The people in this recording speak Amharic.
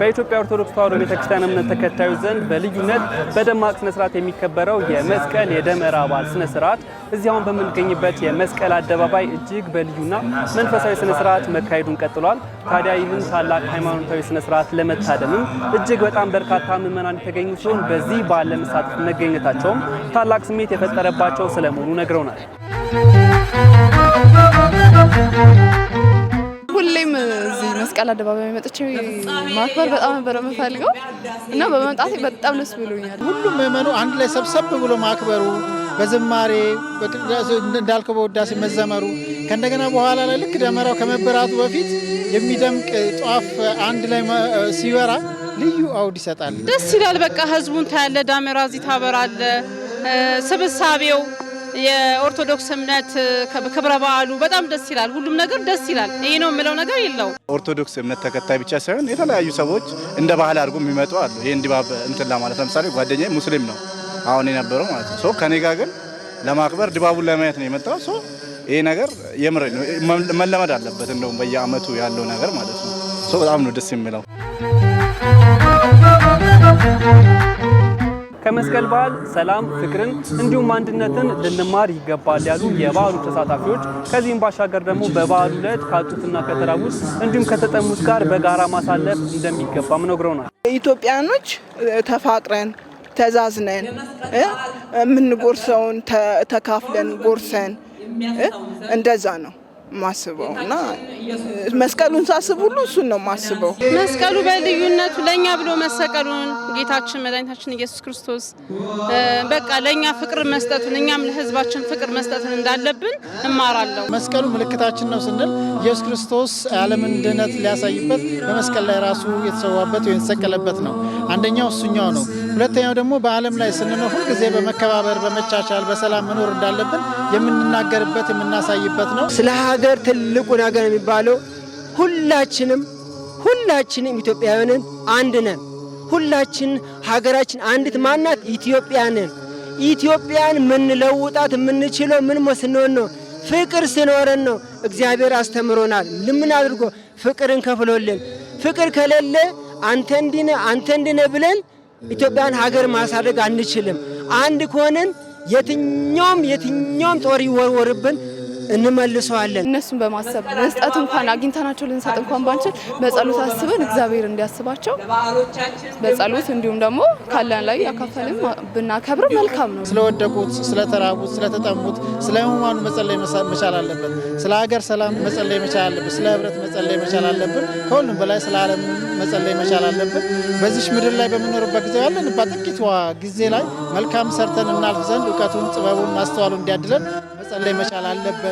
በኢትዮጵያ ኦርቶዶክስ ተዋሕዶ ቤተክርስቲያን እምነት ተከታዮች ዘንድ በልዩነት በደማቅ ስነስርዓት የሚከበረው የመስቀል የደመራ በዓል ስነስርዓት እዚህ አሁን በምንገኝበት የመስቀል አደባባይ እጅግ በልዩና መንፈሳዊ ስነስርዓት መካሄዱን ቀጥሏል። ታዲያ ይህን ታላቅ ሃይማኖታዊ ስነስርዓት ለመታደምም እጅግ በጣም በርካታ ምዕመናን የተገኙ ሲሆን በዚህ በዓል ለመሳተፍ መገኘታቸውም ታላቅ ስሜት የፈጠረባቸው ስለመሆኑ ነግረውናል። መስቀል አደባባይ መጥቼ ማክበር በጣም ነበረ የምፈልገው እና በመምጣቴ በጣም ደስ ብሎኛል። ሁሉም ምዕመኑ አንድ ላይ ሰብሰብ ብሎ ማክበሩ በዝማሬ እንዳልከው በውዳሴ መዘመሩ ከእንደገና በኋላ ላይ ልክ ደመራው ከመበራቱ በፊት የሚደምቅ ጧፍ አንድ ላይ ሲበራ ልዩ አውድ ይሰጣል። ደስ ይላል። በቃ ህዝቡን ታያለ፣ ዳሜራ እዚህ ታበራለ፣ ስብሳቤው የኦርቶዶክስ እምነት ክብረ በዓሉ በጣም ደስ ይላል። ሁሉም ነገር ደስ ይላል። ይሄ ነው የምለው ነገር የለው። ኦርቶዶክስ እምነት ተከታይ ብቻ ሳይሆን የተለያዩ ሰዎች እንደ ባህል አድርጎ የሚመጡ አሉ። ይሄ እንዲባብ እንትን ለማለት ለምሳሌ ጓደኛ ሙስሊም ነው አሁን የነበረው ማለት ነው። ከኔ ጋር ግን ለማክበር ድባቡን ለማየት ነው የመጣው። ሶ ይሄ ነገር የምር መለመድ አለበት። እንደውም በየአመቱ ያለው ነገር ማለት ነው። ሶ በጣም ነው ደስ የሚለው። ከመስቀል በዓል ሰላም፣ ፍቅርን እንዲሁም አንድነትን ልንማር ይገባል ያሉ የበዓሉ ተሳታፊዎች ከዚህም ባሻገር ደግሞ በበዓሉ ዕለት ካጡትና ከተራቡት እንዲሁም ከተጠሙት ጋር በጋራ ማሳለፍ እንደሚገባም ነግረውናል። ኢትዮጵያኖች ተፋቅረን ተዛዝነን የምንጎርሰውን ተካፍለን ጎርሰን እንደዛ ነው ማስበው እና መስቀሉን ሳስብ ሁሉ እሱን ነው የማስበው። መስቀሉ በልዩነቱ ለእኛ ብሎ መሰቀሉን ጌታችን መድኃኒታችን ኢየሱስ ክርስቶስ በቃ ለእኛ ፍቅር መስጠቱን እኛም ለህዝባችን ፍቅር መስጠትን እንዳለብን እማራለሁ። መስቀሉ ምልክታችን ነው ስንል ኢየሱስ ክርስቶስ ዓለምን ድህነት ሊያሳይበት በመስቀል ላይ ራሱ የተሰዋበት ወይም የተሰቀለበት ነው። አንደኛው እሱኛው ነው። ሁለተኛው ደግሞ በዓለም ላይ ስንኖር ሁልጊዜ በመከባበር በመቻቻል በሰላም መኖር እንዳለብን የምንናገርበት የምናሳይበት ነው። ስለ ሀገር ትልቁ ነገር የሚባል የተባለው ሁላችንም ሁላችንም ኢትዮጵያውያንን አንድ ነን። ሁላችን ሀገራችን አንዲት ማናት? ኢትዮጵያ ነን። ኢትዮጵያን ምንለውጣት የምንችለው ምን ስንሆን ነው? ፍቅር ስኖረን ነው። እግዚአብሔር አስተምሮናል። ልምን አድርጎ ፍቅርን ከፍሎልን። ፍቅር ከሌለ አንተ እንዲነ አንተ እንዲነ ብለን ኢትዮጵያን ሀገር ማሳደግ አንችልም። አንድ ከሆነን የትኛውም የትኛውም ጦር ይወርወርብን እንመልሰዋለን። እነሱን በማሰብ መስጠት እንኳን አግኝተናቸው ልንሰጥ እንኳን ባንችል በጸሎት አስበን እግዚአብሔር እንዲያስባቸው በጸሎት እንዲሁም ደግሞ ካለን ላይ ያካፈልም ብናከብር መልካም ነው። ስለወደቁት፣ ስለተራቡት፣ ስለተጠሙት፣ ስለ ህሙማኑ መጸለይ መቻል አለበት። ስለ ሀገር ሰላም መጸለይ መቻል አለበት። ስለ ህብረት መጸለይ መቻል አለብን። ከሁሉም በላይ ስለ ዓለም መጸለይ መቻል አለብን። በዚች ምድር ላይ በምኖርበት ጊዜ ያለንባት ጥቂቷ ጊዜ ላይ መልካም ሰርተን እናልፍ ዘንድ እውቀቱን ጥበቡን ማስተዋሉ እንዲያድለን መጸለይ መቻል አለበት።